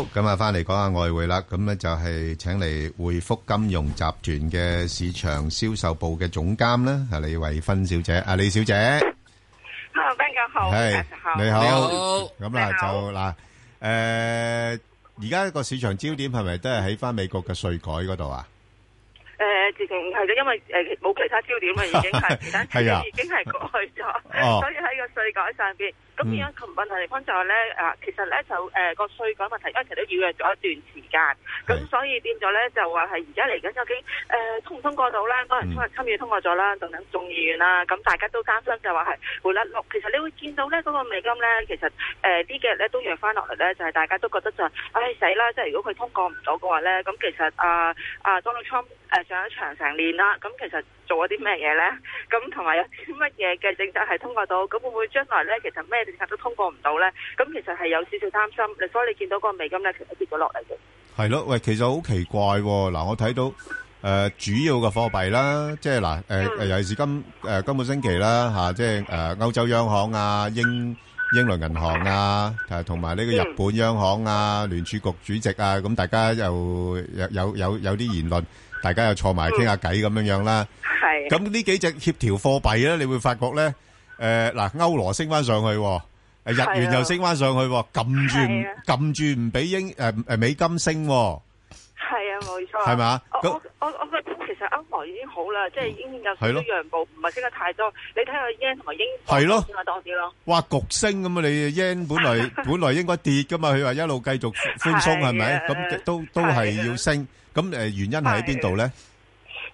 好，咁啊，翻嚟講下外匯啦。咁咧就係請嚟匯福金融集團嘅市場銷售部嘅總監啦，係李慧芬小姐。啊，李小姐，hello，大家好，係你好，你好。咁啦，就嗱，誒，而家個市場焦點係咪都係喺翻美國嘅稅改嗰度啊？事情係咧，因為誒冇其他焦點啊，已經係其他嘢已經係過去咗，所以喺個稅改上邊咁變咗今個問題嚟講就係咧啊，其實咧就誒個稅改問題一直都擾攘咗一段時間，咁所以變咗咧就話係而家嚟緊究竟誒通唔通過到咧？可能參參議通過咗啦，仲等眾議院啊，咁大家都擔心就話係會甩轆。其實你會見到咧嗰個美金咧，其實呢幾日咧都弱翻落嚟咧，就係大家都覺得就唉死啦！即係如果佢通過唔到嘅話咧，咁其實啊啊 Donald Trump 誒上一。長成年啦，咁其實做咗啲咩嘢咧？咁同埋有啲乜嘢嘅政策係通過到？咁會唔會將來咧？其實咩政策都通過唔到咧？咁其實係有少少擔心。所以你見到個美金咧，其實跌咗落嚟嘅。係咯，喂，其實好奇怪。嗱，我睇到誒主要嘅貨幣啦，即係嗱誒誒，尤其是今誒今個星期啦吓，即係誒歐洲央行啊、英英倫銀行啊，誒同埋呢個日本央行啊、聯儲局主席啊，咁大家又又有有有啲言論。大家又坐埋傾下偈咁樣樣啦，咁呢幾隻協調貨幣咧，你會發覺咧，誒嗱，歐羅升翻上去，日元又升翻上去，撳住撳住唔俾英誒誒美金升，係啊，冇錯，係咪？咁我我我覺其實歐羅已經好啦，即係已經有咁樣樣報，唔係升得太多。你睇下 yen 同埋英係咯，升得多啲咯。哇，焗升咁啊！你 yen 本來本來應該跌噶嘛，佢話一路繼續寬鬆係咪？咁都都係要升。咁誒原因喺邊度咧？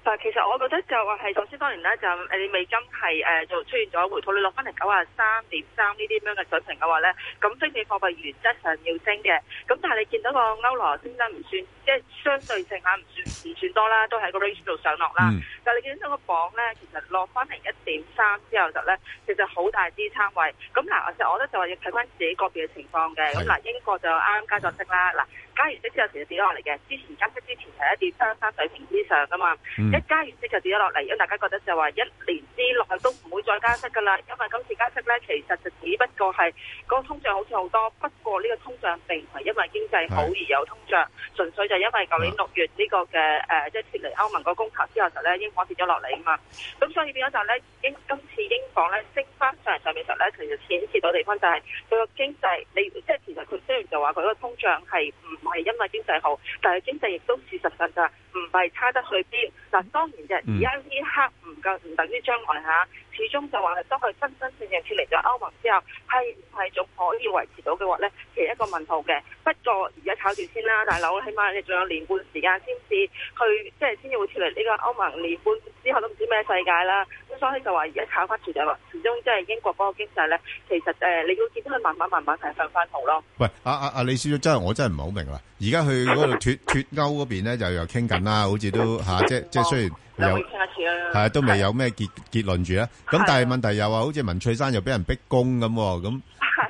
但其實我覺得就話係，首先當然咧就你美金係誒就出現咗回吐，你落翻嚟九啊三點三呢啲咁樣嘅水平嘅話咧，咁非美貨幣原則上要升嘅，咁但係你見到個歐羅先真唔算，即係相對性下唔算唔算多啦，都喺個 range 度上落啦。但係你見到個鎊咧，其實落翻嚟一點三之後就咧，其實好大支撐位。咁嗱，其實我覺得就話要睇翻、嗯、自己個別嘅情況嘅。咁嗱是，英國就啱啱加咗息啦。嗱加完息之後其實跌咗落嚟嘅。之前加息之前係一點三三水平之上噶嘛，嗯、一加完息就跌咗落嚟，因為大家覺得就話一年之內都唔會再加息噶啦，因為今次加息咧其實就只不過係個通脹好似好多，不過呢個通脹並唔係因為經濟好而有通脹，純是粹就因為舊年六月呢個嘅誒、呃、即係撤離歐盟個公投之後就咧英鎊跌咗落嚟啊嘛，咁、嗯、所以變咗就咧英今次英鎊咧升翻上嚟。上面實咧，其實顯示到地方就係佢個經濟你即係其實佢雖然就話佢個通脹係唔唔係因為經濟好，但係經濟亦都事實上就唔係差得去邊。嗱，當然嘅而家呢刻唔夠，唔等於將來吓。始終就話係當佢真真正正脫離咗歐盟之後，係唔係仲可以維持到嘅話咧，其實一個問號嘅。不過而家炒住先啦，大佬起碼你仲有年半時間先至，去，即係先至會脫離呢個歐盟，年半之後都唔知咩世界啦。咁所以就話而家炒翻住就話，始終即係英國嗰個經濟咧，其實誒、呃、你要見到佢慢慢慢慢係向翻好咯。喂，阿阿阿李小姐真係，我真係唔係好明啦。而家去嗰度脫脫歐嗰邊咧就又傾緊啦，好似都吓、啊、即即，即，即雖然。又清一次啦，係啊，都未有咩結結論住咧。咁但係問題又話，好似文翠珊又俾人逼宮咁，咁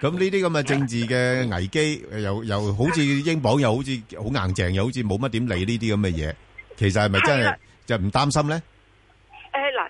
咁呢啲咁嘅政治嘅危機，又又好似英鎊又好似好硬淨，又好似冇乜點理呢啲咁嘅嘢。其實係咪真係就唔擔心咧？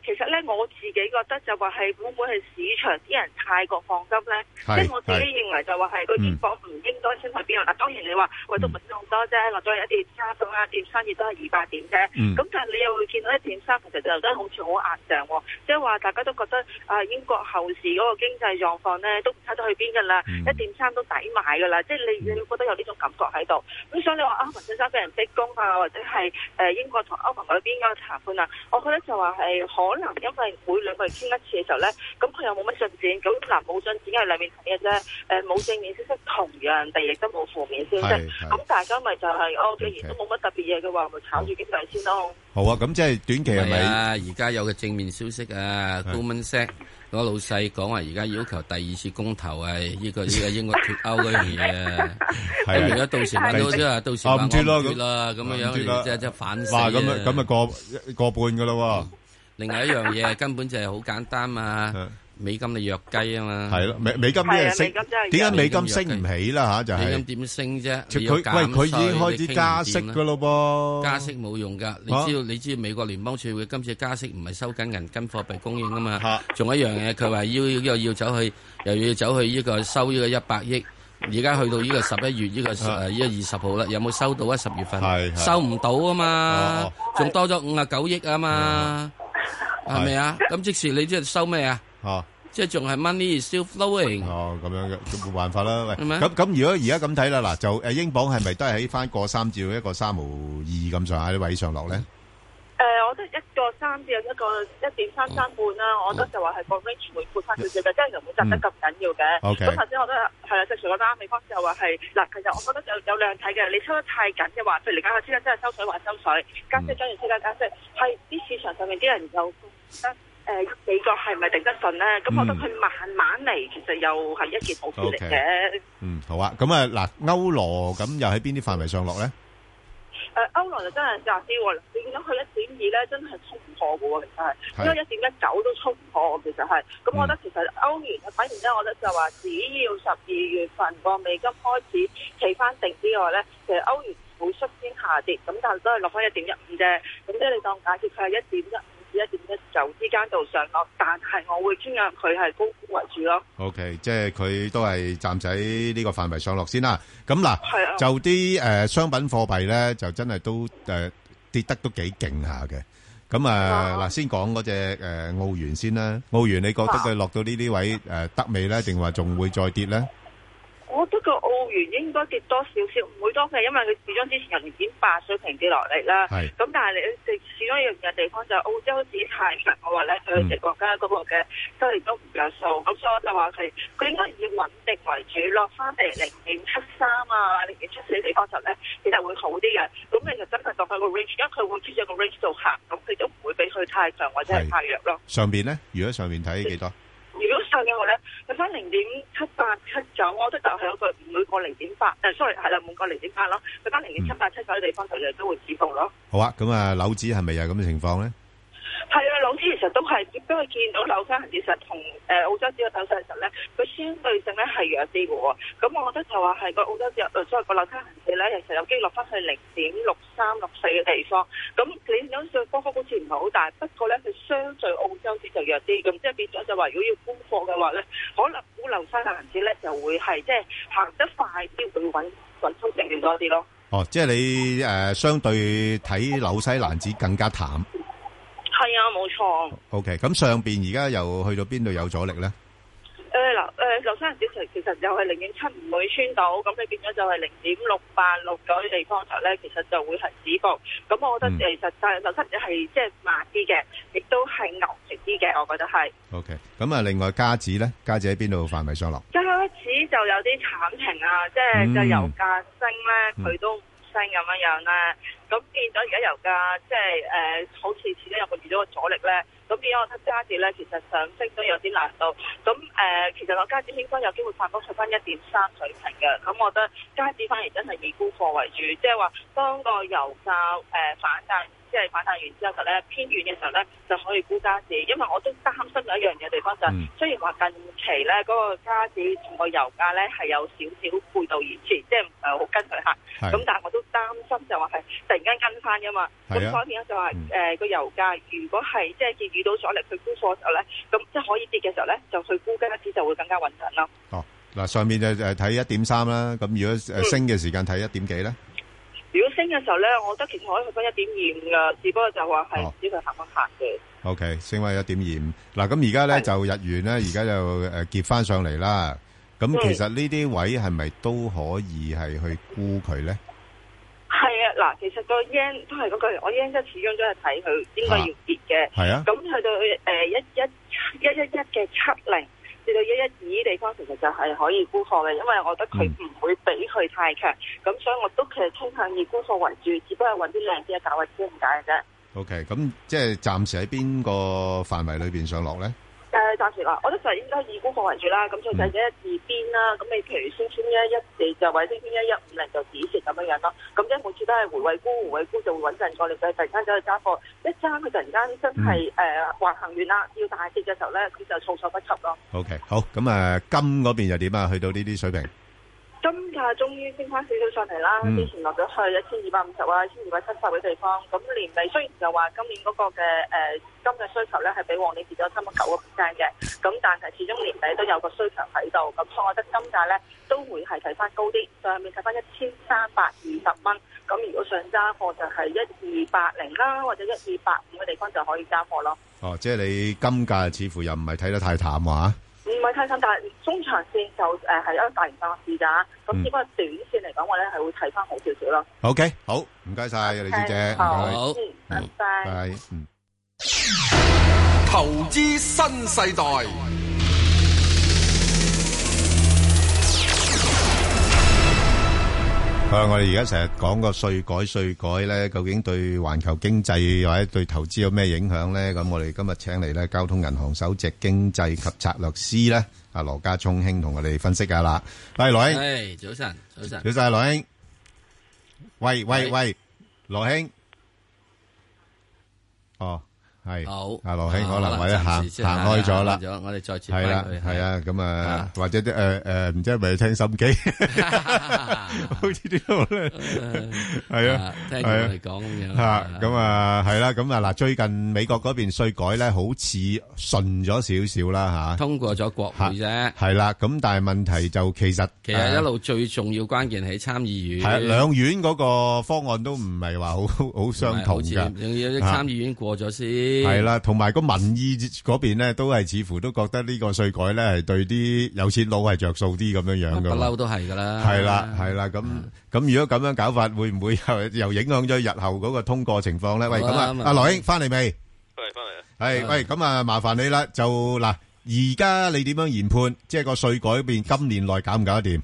其實咧，我自己覺得就話係，會唔會係市場啲人太過放心咧？即係是我自己認為就話係嗰個英鎊唔應該升去邊度。嗱，當然你話，我都唔多啫。落咗一點三，一點三亦都係二百點啫。咁、嗯、但係你又會見到一點三，其實就真係好似好硬淨喎。即係話大家都覺得啊，英國後市嗰個經濟狀況咧，都唔差到去邊㗎啦？一點三都抵買㗎啦。即、就、係、是、你，你覺得有呢種感覺喺度。咁所以你話啊，文先生俾人逼供啊，或者係誒英國同歐盟嗰邊嗰個裁判啊，我覺得就話係可。可能因為每兩個月傾一次嘅時候咧，咁佢又冇乜進展，咁嗱冇進展係裏面同嘅啫。誒冇正面消息，同樣第二亦都冇負面消息。咁大家咪就係哦，既然都冇乜特別嘢嘅話，咪炒住經濟先咯。好啊，咁即係短期係咪啊？而家有嘅正面消息啊，高文 Sir 嗰個老細講話，而家要求第二次公投係呢個呢個應該脱歐嗰樣嘢啊。咁而家到時話都即係到時話唔知啦，咁樣樣即係即係反。嗱咁啊咁啊，過過半嘅嘞喎。另外一樣嘢根本就係好簡單嘛，美金嘅弱雞啊嘛，係咯，美美金呢升，點解美金升唔起啦嚇？就係美金點升啫？佢佢已經開始加息㗎咯噃，加息冇用㗎。你知道你知美國聯邦儲會今次加息唔係收緊銀根貨幣供應啊嘛，仲有一樣嘢佢話要又要走去，又要走去呢個收呢個一百億，而家去到呢個十一月呢個誒一二十號啦，有冇收到啊？十月份收唔到啊嘛，仲多咗五十九億啊嘛。係咪啊？咁即時你即係收咩啊？哦，即係仲係 money still flowing。哦，咁樣嘅，冇辦法啦。喂，咁咁如果而家咁睇啦，嗱，就誒英鎊係咪都係喺翻個三字一個三毫二咁上下啲位上落咧？誒，我得一個三字一個一點三三半啦。我得就話係個 range 會闊翻少少嘅，即係又唔會震得咁緊要嘅。咁頭先我都係啦，即係除咗啱啱美方就話係嗱，其實我覺得有有兩睇嘅。你收得太緊嘅話，譬如你加下息啦，即係收水話收水，加息跟住息加加息，係啲市場上面啲人就。呃、美國得誒，幾個係咪定得順咧？咁我覺得佢慢慢嚟，其實又係一件好事嚟嘅。嗯，好啊。咁啊，嗱、呃，歐羅咁又喺邊啲範圍上落咧？誒、呃，歐羅就真係炸啲，見到佢一點二咧？真係衝破嘅喎，其實係，因為一點一九都衝破，其實係。咁、嗯嗯、我覺得其實歐元反而咧，我覺得就話只要十二月份個美金開始企翻定之外咧，其實歐元會率先下跌，咁但係都係落翻一點一五啫。咁即係你當假設佢係一點一，一點一九之間度上落，但係我會傾向佢係高沽為主咯。O K，即係佢都係暫時呢個範圍上落先啦。咁嗱，係啊就啲誒商品貨幣咧，就真係都誒跌得都幾勁下嘅。咁啊嗱，先講嗰隻誒澳元先啦。澳元你覺得佢落到呢啲位誒得未咧？定話仲會再跌咧？應該跌多少少，唔會多嘅，因為佢始終之前仍然零點八水平跌落嚟啦。係咁是，但係你哋始終要嘅地方就係澳洲市太強，我話咧佢哋國家嗰個嘅都係都唔夠數，咁所以我就話佢，佢應該以穩定為主，落翻嚟零點七三啊，零點七四嘅地方就咧其實會好啲嘅。咁其實真係當佢個 range，因為佢會 keep 住個 range 度行，咁佢都唔會比佢太強或者係太弱咯。上邊咧，如果上邊睇幾多？如果上嘅話咧，佢翻零點七八七九，我覺得就係一個唔會過零點八。誒，sorry，係啦，唔會過零點八咯。佢翻零點七八七九嘅地方，同樣都會止步咯。好啊，咁啊，樓指係咪又係咁嘅情況咧？係啊，樓指其實都係，只不過見到樓價行市其實同誒澳洲市嘅走勢其實咧，佢相對性咧係弱啲嘅喎。咁我覺得就話係個澳洲市，誒即係個樓價行市咧，其實有機會落翻去零點六三六四嘅地方。咁你有少少波幅，好似唔係好大。相對澳洲跌就弱啲咁，即係變咗就話如果要沽貨嘅話咧，可能沽紐西蘭紙咧就會係即係行得快啲去搵通收益多啲咯。哦，即係你誒、呃、相對睇紐西蘭紙更加淡。係啊，冇錯。OK，咁上邊而家又去到邊度有阻力咧？係啦，誒、嗯，劉生嘅市場其實又係零點七唔會穿到，咁你變咗就係零點六八六嗰啲地方頭咧，其實就會係止幅。咁我覺得其實但係劉生嘅係即係慢啲嘅，亦都係牛食啲嘅，我覺得係。O K. 咁啊，另外加紙咧，加紙喺邊度範圍上落？加紙就有啲慘情啊，即係個油價升咧，佢、嗯嗯、都。咁樣樣啦，咁見咗而家油價即係誒，好似始終有個遇到個阻力咧，咁變咗我覺得加跌咧，其實上升都有啲難度。咁誒、呃，其實我加跌應該有機會反攻出翻一點三水平嘅。咁我覺得加跌反而真係以沽貨為主，即係話當個油價誒、呃、反彈。即係反彈完之後咧，偏遠嘅時候咧，就可以沽加紙。因為我都擔心有一樣嘢地方就係、是，雖然話近期咧嗰、那個加紙同個油價咧係有少少背道而馳，即係唔係好跟佢行。咁、啊、但係我都擔心就話係突然間跟翻㗎嘛。咁、啊、所以咧就話誒個油價，如果係即係遇到阻力去沽貨嘅時候咧，咁即係可以跌嘅時候咧，就去沽加紙就會更加穩陣咯。哦，嗱，上面就係睇一點三啦。咁如果升嘅時間睇一點幾咧？嗯如果升嘅時候咧，我覺得其實可以去翻一點二五噶，只不過就話係唔知佢行唔行嘅。O K. 升為一點二五，嗱咁而家咧就日元咧，而家就誒結翻上嚟啦。咁其實呢啲位係咪都可以係去估佢咧？係啊，嗱，其實個 yen 都係嗰句，我 yen 都始終都係睇佢應該要跌嘅。係啊，咁去到誒一一一一一嘅七零。至到一一二啲地方，其實就係可以沽貨嘅，因為我覺得佢唔會比佢太強，咁所以我都其實傾向以沽貨為主，只不過揾啲靚啲嘅價位點唔解嘅啫。OK，咁即係暫時喺邊個範圍裏邊上落咧？暫時啦，我覺得就係應該以沽貨為主啦，咁再睇一啲邊啦，咁你譬如先穿一一，四，就或者先穿一一五零就止蝕咁樣樣咯，咁即係每次都係回位沽，回位沽就會穩陣過嚟，再突然間走去揸貨，一揸佢突然間真係誒橫行完啦，要大跌嘅時候咧，佢就措手不及咯。OK，好，咁誒金嗰邊又點啊？去到呢啲水平。金價終於升翻少少上嚟啦，之前落咗去一千二百五十或者一千二百七十嘅地方。咁年底雖然就話今年嗰個嘅誒、呃、金嘅需求咧係比往年跌咗三個九嘅 percent 嘅，咁但係始終年底都有個需求喺度。咁所以我覺得金價咧都會係睇翻高啲，上面睇翻一千三百二十蚊。咁如果想揸貨就係一二八零啦，或者一二八五嘅地方就可以揸貨咯。哦，即係你金價似乎又唔係睇得太淡啊？唔係太深，但係中長線就誒係一個大型巴士噶，咁至於嗰個短線嚟講，我咧係會睇翻好少少咯。OK，好，唔該晒李小姐，好，拜拜。投資新世代。我哋而家成日講個稅改稅改咧，究竟對環球經濟或者對投資有咩影響咧？咁我哋今日請嚟咧，交通銀行首席經濟及策略師咧，阿羅家聰兄同我哋分析下啦。喂羅兄，誒早晨，早晨，早晨羅兄。喂喂喂，羅兄，哦。係好，阿羅兄可能話一下行開咗啦，咗我哋再次係啦，係啊，咁啊，或者誒誒，唔知係咪聽心機，好似呢度咧，係啊，聽佢嚟講咁樣，吓咁啊，係啦，咁啊嗱，最近美國嗰邊稅改咧，好似順咗少少啦，吓通過咗國會啫，係啦，咁但係問題就其實其實一路最重要關鍵喺參議院，係兩院嗰個方案都唔係話好好相同噶，仲要啲參議院過咗先。係啦，同埋個民意嗰邊咧，都係似乎都覺得呢個稅改咧係對啲有錢佬係着數啲咁樣樣噶。不嬲都係噶啦。係啦，係啦，咁咁如果咁樣搞法，會唔會又又影響咗日後嗰個通過情況咧？喂，咁啊，阿羅英翻嚟未？翻嚟，翻嚟啦。係喂，咁啊，麻煩你啦。就嗱，而家你點樣研判，即係個稅改邊，今年內搞唔搞得掂？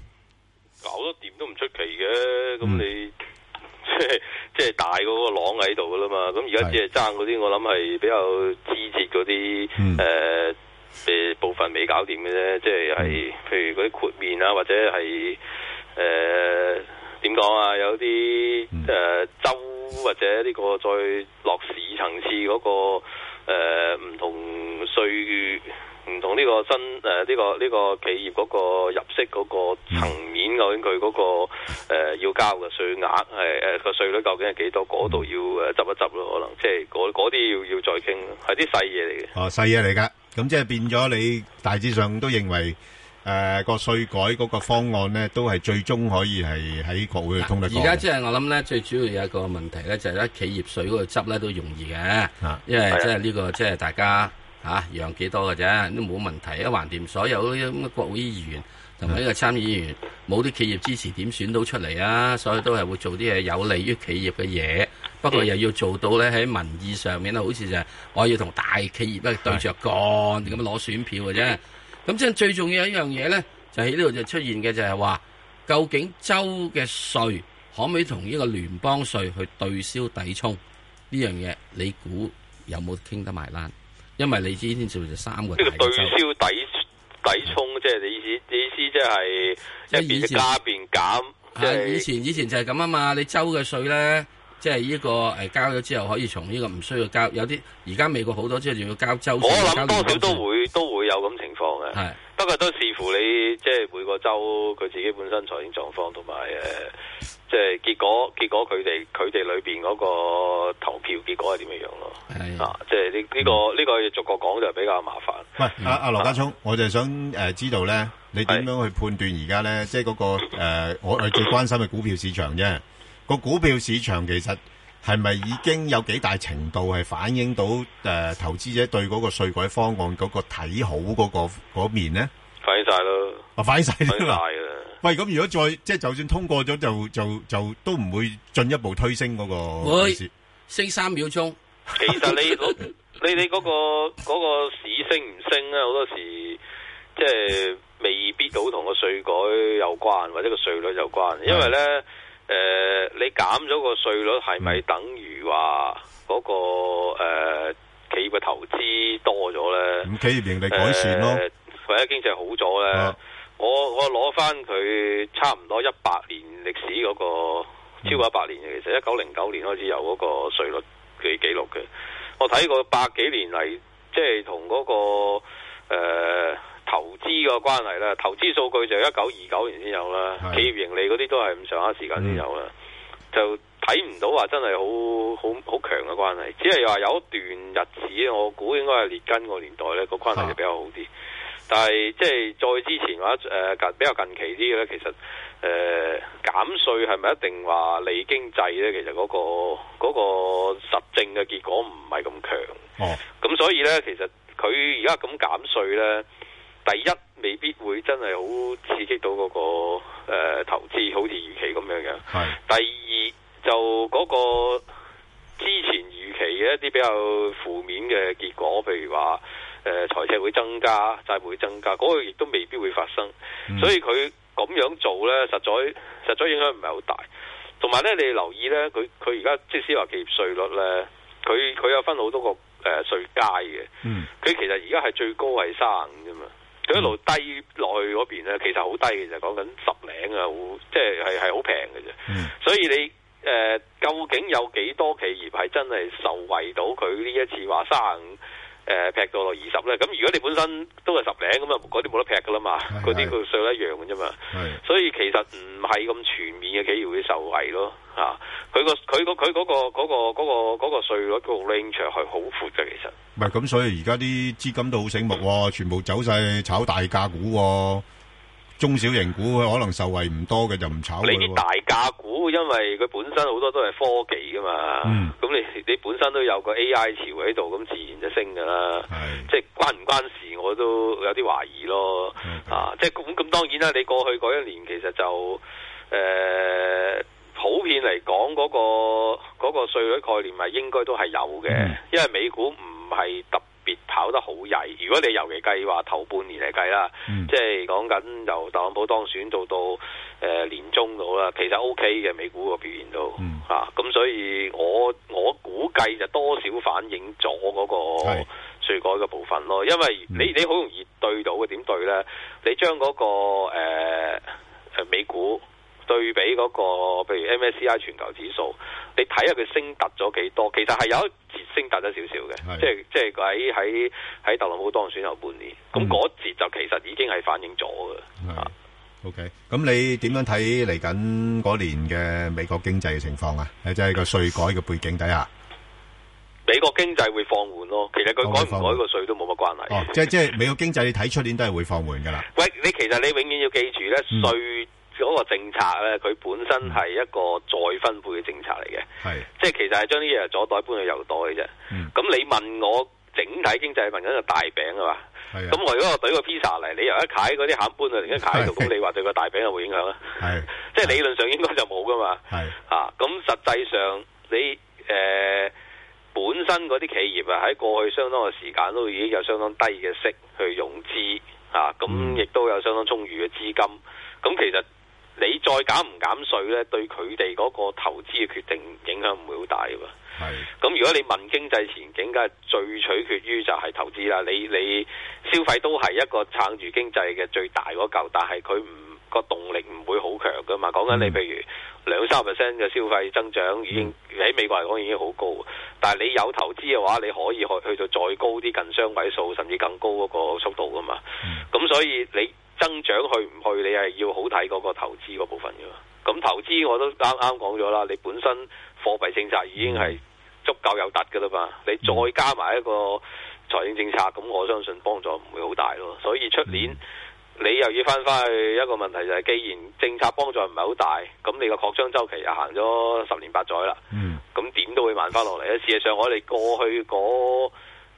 搞得掂都唔出奇嘅，咁你即係。即係大嗰個廊喺度噶啦嘛，咁而家只係爭嗰啲，我諗係比較枝節嗰啲誒誒部分未搞掂嘅啫，即係係譬如嗰啲豁免啊，或者係誒點講啊，有啲誒州或者呢個再落市層次嗰、嗰個唔、呃、同歲月。唔同呢個新誒呢個呢個企業嗰個入息嗰個層面，究竟佢嗰個誒要交嘅稅額係誒個稅率究竟係幾多？嗰度要誒執一執咯，可能即係嗰嗰啲要要再傾，係啲細嘢嚟嘅。哦，細嘢嚟㗎。咁即係變咗你大致上都認為誒個稅改嗰個方案咧，都係最終可以係喺國會通得過。而家即係我諗咧，最主要有一個問題咧，就係咧企業稅嗰個執咧都容易嘅，因為即係呢個即係大家。吓，養、啊、幾多嘅啫，都冇問題，啊。橫掂，所有咁嘅國會議員同埋呢個參議員，冇啲企業支持點選到出嚟啊！所以都係會做啲嘢有利於企業嘅嘢。不過又要做到咧喺民意上面咧，好似就係我要同大企業對着幹咁是樣攞選票嘅啫。咁是即係最重要一樣嘢咧，就喺呢度就出現嘅就係話，究竟州嘅稅可唔可以同呢個聯邦稅去對銷抵充呢樣嘢？你估有冇傾得埋單？因為你知呢啲稅就三個，呢個對銷抵抵沖，即係你意思意思，即係一邊加一邊減。以前以前就係咁啊嘛，你州嘅稅咧，即係呢個誒交咗之後，可以從呢個唔需要交。有啲而家美國好多即係仲要交州稅，多少都會都會有咁情況嘅。不過都視乎你即係每個州佢自己本身財政狀況同埋誒，即係結果結果佢哋佢哋裏邊嗰個投票結果係點樣樣咯？係是的 啊，即係呢呢個呢、嗯這個這個逐個講就比較麻煩。喂、嗯啊，阿阿羅家聰，我就想誒、呃、知道咧，你點樣去判斷而家咧，是的 即係嗰、那個誒我、呃、我最關心嘅股票市場啫。 個股票市場其實。係咪已經有幾大程度係反映到誒、呃、投資者對嗰個稅改方案嗰、那個睇好嗰、那個面呢反、啊？反映晒咯，啊反映晒咯，反映晒。喂，咁如果再即係就算通過咗，就就就，就都唔會進一步推升嗰、那個喂升三秒鐘。其實你 你你嗰、那個、那個市升唔升啊？好多時即係、就是、未必到同個稅改有關，或者個稅率有關，因為咧。嗯誒、呃，你減咗個稅率係咪等於話嗰、那個、呃、企業嘅投資多咗呢？企業盈利改善咯，或者、呃、經濟好咗呢？啊、我我攞翻佢差唔多一百年歷史嗰、那個超過一百年、嗯、其實一九零九年開始有嗰個稅率嘅記錄嘅。我睇過百幾年嚟、那個，即係同嗰個誒投資個關係啦，投資數據就一九二九年先有啦，的企業盈利嗰啲都係咁上下時間先有啦，嗯、就睇唔到話真係好好好強嘅關係，只係話有一段日子，我估應該係列根個年代呢、個關係就比較好啲。啊、但係即係再之前話誒、呃、近比較近期啲嘅呢，其實誒、呃、減稅係咪一定話利經濟呢？其實嗰、個嗰、個實證嘅結果唔係咁強。咁、哦、所以呢，其實佢而家咁減稅呢。第一未必會真係好刺激到嗰、那個誒、呃、投資，好似預期咁樣嘅。係是第二就嗰個之前預期嘅一啲比較負面嘅結果，譬如話誒，財赤會增加，債會增加，嗰、那個亦都未必會發生。嗯、所以佢咁樣做咧，實在實在影響唔係好大。同埋咧，你留意咧，佢佢而家即係話企業稅率咧，佢佢有分好多個誒稅階嘅。佢、呃嗯、其實而家係最高係三十五啫嘛。一路低落去嗰邊咧，其實好低嘅，就講緊十零啊，好即係係係好平嘅啫。所以你誒，究竟有幾多企業係真係受惠到佢呢一次話三五？誒、呃、劈到落二十咧，咁如果你本身都係十零咁啊，嗰啲冇得劈噶啦嘛，嗰啲個稅都一樣嘅啫嘛。 所以其實唔係咁全面嘅企業會受惠咯，啊，佢、嗰個佢佢嗰個嗰、嗰個嗰、嗰個嗰個、稅率個 range 係好闊嘅其實。唔係咁，所以而家啲資金都好醒目喎、哦，嗯、全部走晒炒大價股喎、哦。中小型股可能受惠唔多嘅，就唔炒你啲大價股，因為佢本身好多都係科技㗎嘛，咁、嗯、你你本身都有個 AI 潮喺度，咁自然就升㗎啦。是即係關唔關事，我都有啲懷疑咯。嗯、啊，即係咁咁，當然啦。你過去嗰一年其實就誒、呃、普遍嚟講嗰、那個嗰、那個稅率概念係應該都係有嘅，嗯、因為美股唔係特。別跑得好曳，如果你尤其計劃頭半年嚟計啦，嗯、即係講緊由特朗普當選到到誒、呃、年中度啦，其實 O K 嘅美股個表現都嚇，咁、嗯啊、所以我我估計就多少反映咗嗰個稅改嘅部分咯，是因為你你好容易對到嘅點對呢？你將嗰、那個、呃、美股對比嗰、那個譬如 MSCI 全球指數，你睇下佢升突咗幾多，其實係有。升大咗少少嘅，即係即係佢喺喺喺特朗普當選後半年，咁嗰節就其實已經係反映咗㗎啦。啊，OK，咁你點樣睇嚟緊嗰年嘅美國經濟嘅情況啊？就係個稅改嘅背景底下，美國經濟會放緩咯。其實佢改唔改個稅都冇乜關係。哦，即即係美國經濟你睇出年都係會放緩噶啦。喂，你其實你永遠要記住咧，稅。嗰個政策咧，佢本身係一個再分配嘅政策嚟嘅，是即係其實係將啲嘢左袋搬去右袋嘅啫。咁、嗯、你問我整體經濟問緊個大餅係嘛？咁我、啊、如果我懟個披薩嚟，你由一踩嗰啲餡搬去另一踩度，咁是你話對個大餅有冇影響啊？即係理論上應該就冇㗎嘛。嚇，咁實際上你誒本身嗰啲企業啊，喺過去相當嘅時間都已經有相當低嘅息去融資嚇，咁亦都有相當充裕嘅資金。咁、嗯啊、其實你再減唔減稅呢？對佢哋嗰個投資嘅決定影響唔會好大喎。咁是如果你問經濟前景，梗係最取決於就係投資啦。你你消費都係一個撐住經濟嘅最大嗰嚿，但係佢唔個動力唔會好強噶嘛。講緊你譬如兩三 percent 嘅消費增長已經喺美國嚟講已經好高，但係你有投資嘅話，你可以去去到再高啲，近雙位數甚至更高嗰個速度噶嘛。咁、嗯、所以你。增長去唔去，你係要好睇嗰個投資嗰部分嘅。咁投資我都啱啱講咗啦，你本身貨幣政策已經係足夠有突嘅啦嘛，你再加埋一個財政政策，咁我相信幫助唔會好大咯。所以出年你又要翻翻去一個問題就係，既然政策幫助唔係好大，咁你個擴張周期又行咗十年八載啦。嗯。咁點都會慢翻落嚟。事實上我哋過去嗰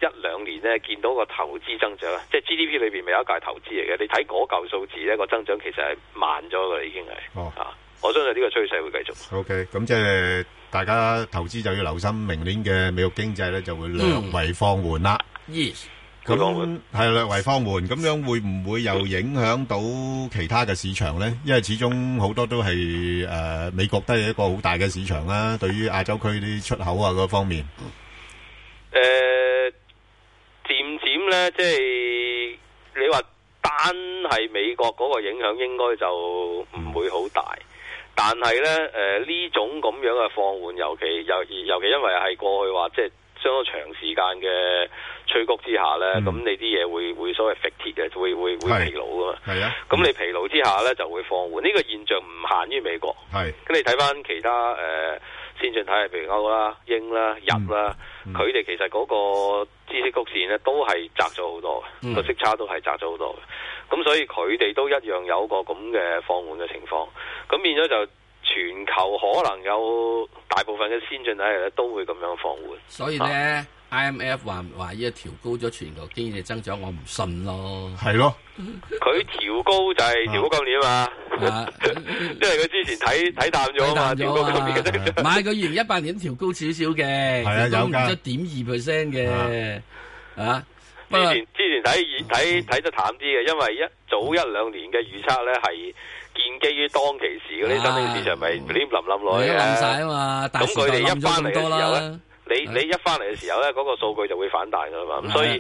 一兩年咧，見到個投資增長，即係 GDP 裏邊咪有一界投資嚟嘅。你睇嗰嚿數字咧，個增長其實係慢咗㗎啦，已經係。哦，啊，我相信呢個趨勢會繼續。O K，咁即係大家投資就要留心，明年嘅美國經濟咧就會略為放緩啦。咦？咁係略為放緩，咁樣會唔會又影響到其他嘅市場咧？因為始終好多都係誒美國都係一個好大嘅市場啦，對於亞洲區啲出口啊嗰方面。誒。即係你話單係美國嗰、那個影響應該就唔會好大，嗯、但係咧誒呢、呃、這種咁樣嘅放緩，尤其尤尤其因為係過去話即係相當長時間嘅催谷之下呢，咁、嗯、你啲嘢會會所謂蝕鐵嘅，會會會疲勞㗎嘛。係啊是，咁你疲勞之下呢，就會放緩。呢、嗯、個現象唔限於美國，係是。咁你睇返其他誒。呃先進體系，譬如歐啦、英啦、日啦，佢哋、嗯、其實嗰個知識曲線咧都係窄咗好多嘅，個息、嗯、差都係窄咗好多嘅，咁所以佢哋都一樣有一個咁嘅放緩嘅情況，咁變咗就全球可能有大部分嘅先進體系咧都會咁樣放緩，所以咧。啊 IMF 話，話依家調高咗全球經濟增長，我唔信咯。係咯的，佢 調高就係調高今年啊嘛。啊 因為佢之前睇睇淡咗，淡咗啊嘛。買佢二零一八年調高少少嘅，有一點二 percent 嘅。啊，啊之，之前之前睇睇睇得淡啲嘅，因為一早一兩年嘅預測咧係建基於當其時嗰啲，今年市場咪亂冧林來冧晒啊嘛，但佢哋一班咁多啦。啊啊你你一翻嚟嘅時候呢，嗰、那個數據就會反彈噶啦嘛，咁的所以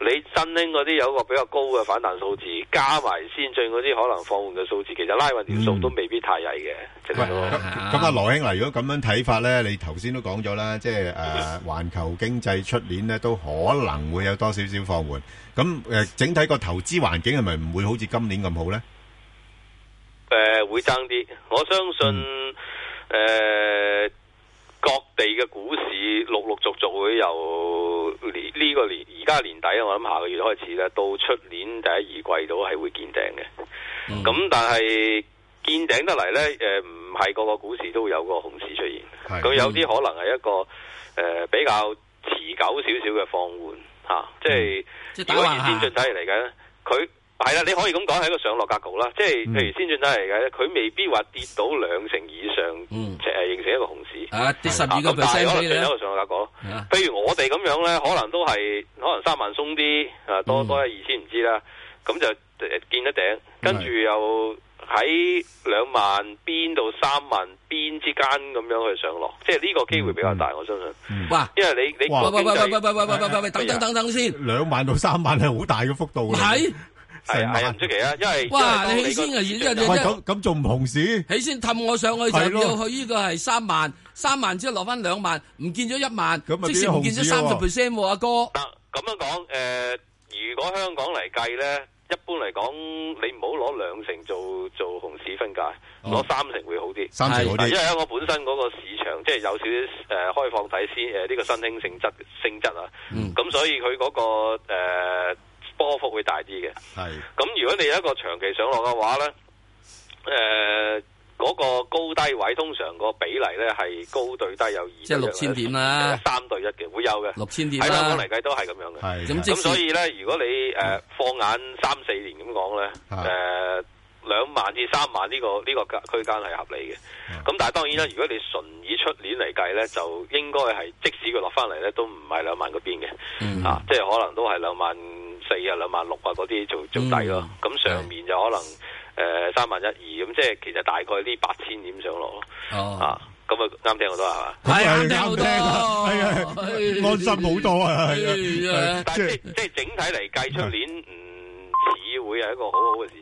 你新興嗰啲有一個比較高嘅反彈數字，加埋先進嗰啲可能放緩嘅數字，其實拉運條數都未必太矮嘅。咁咁阿羅兄如果咁樣睇法呢，你頭先都講咗啦，即係誒環球經濟出年呢，都可能會有多少少放緩，咁、呃、整體個投資環境係咪唔會好似今年咁好呢？誒、嗯，會爭啲，我相信誒。呃地嘅股市陸陸續續會由呢呢個年而家年底啊，我諗下個月開始咧，到出年第一二季度係會見頂嘅。咁、嗯、但係見頂得嚟咧，誒唔係個個股市都會有個熊市出現，佢、嗯、有啲可能係一個誒、呃、比較持久少少嘅放緩吓、啊，即係、嗯、如果以現時睇嚟嚟嘅，佢。係啦，你可以咁講，喺一個上落格局啦，即係譬如先轉頭嚟嘅，佢未必話跌到兩成以上，即係形成一個熊市。啊，跌十二個 percent 可能仲有一個上落格局。譬如我哋咁樣咧，可能都係可能三萬鬆啲，多多一二千唔知啦，咁就誒見得頂，跟住又喺兩萬邊到三萬邊之間咁樣去上落，即係呢個機會比較大，我相信。哇，因為你你，喂喂喂等等等等先，兩萬到三萬係好大嘅幅度嘅。係。係啊，係啊，唔出奇啊，因為哇，你起先啊，然之後你即係咁咁仲唔熊市？起先氹我上去就要去呢個係三萬，三萬之後落翻兩萬，唔見咗一萬，即使唔見咗三十 percent 喎，阿哥。嗱咁樣講誒，如果香港嚟計咧，一般嚟講，你唔好攞兩成做做熊市分界，攞三成會好啲。三成好啲，因為香港本身嗰個市場即係有少少誒開放睇先誒呢個新興性質性質啊。嗯。咁所以佢嗰個誒。波幅會大啲嘅，係咁的。如果你有一個長期上落嘅話咧，誒、呃、嗰、那個高低位通常個比例咧係高對低有二，即係六千點啦，三對一嘅會有嘅，六千點啦嚟計都係咁樣嘅。係咁，所以咧，如果你誒、呃、放眼三四年咁講咧，誒、呃、兩萬至三萬呢、這個呢、這個區間係合理嘅。咁的但係當然啦，如果你純以出年嚟計咧，就應該係即使佢落翻嚟咧，都唔係兩萬嗰邊嘅，嗯、啊，即係可能都係兩萬。四啊，兩萬六啊啲就就低咯。咁、嗯嗯、上面就可能誒三萬一二咁，呃、12, 即係其實大概呢八千點上落咯，哦啊，咁啊啱聽好多係嘛，係啱聽好多，係啊、哎哎，安心好多啊，哎哎、但係即係即係整體嚟計，出年唔似、嗯、會係一個好好嘅事。